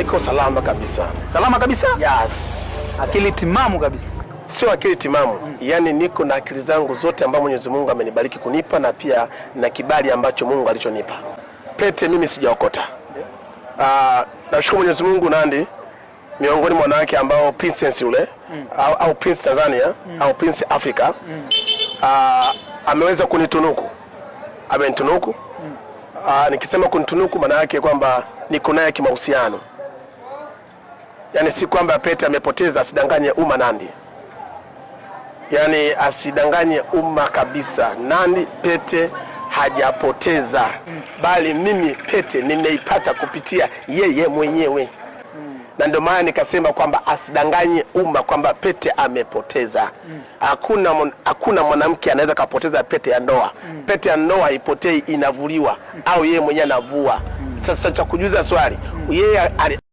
Niko salama kabisa. Salama kabisa? Yes. Akili timamu kabisa. Sio akili timamu mm. Yaani niko na akili zangu zote ambazo Mwenyezi Mungu amenibariki kunipa na pia na kibali ambacho Mungu alichonipa. Pete mimi sijaokota. Ah, yeah. Uh, nashukuru Mwenyezi Mungu Nandi miongoni mwa wanawake ambao princess yule mm. au, au prince Tanzania mm. au prince Africa mm. uh, ameweza kunitunuku. Amenitunuku. Mm. uh, nikisema kunitunuku maana yake kwamba niko naye kimahusiano. mm yani si kwamba Pete amepoteza, asidanganye umma Nandi, yani asidanganye umma kabisa. Nandi Pete hajapoteza bali mimi Pete nimeipata kupitia yeye mwenyewe na ndio maana nikasema kwamba asidanganye umma kwamba Pete amepoteza mm. Hakuna, hakuna mwanamke anaweza kapoteza pete ya ndoa mm. Pete ya ndoa haipotei, inavuliwa mm, au yeye mwenyewe anavua mm. Sasa cha kujuza swali mm, yeye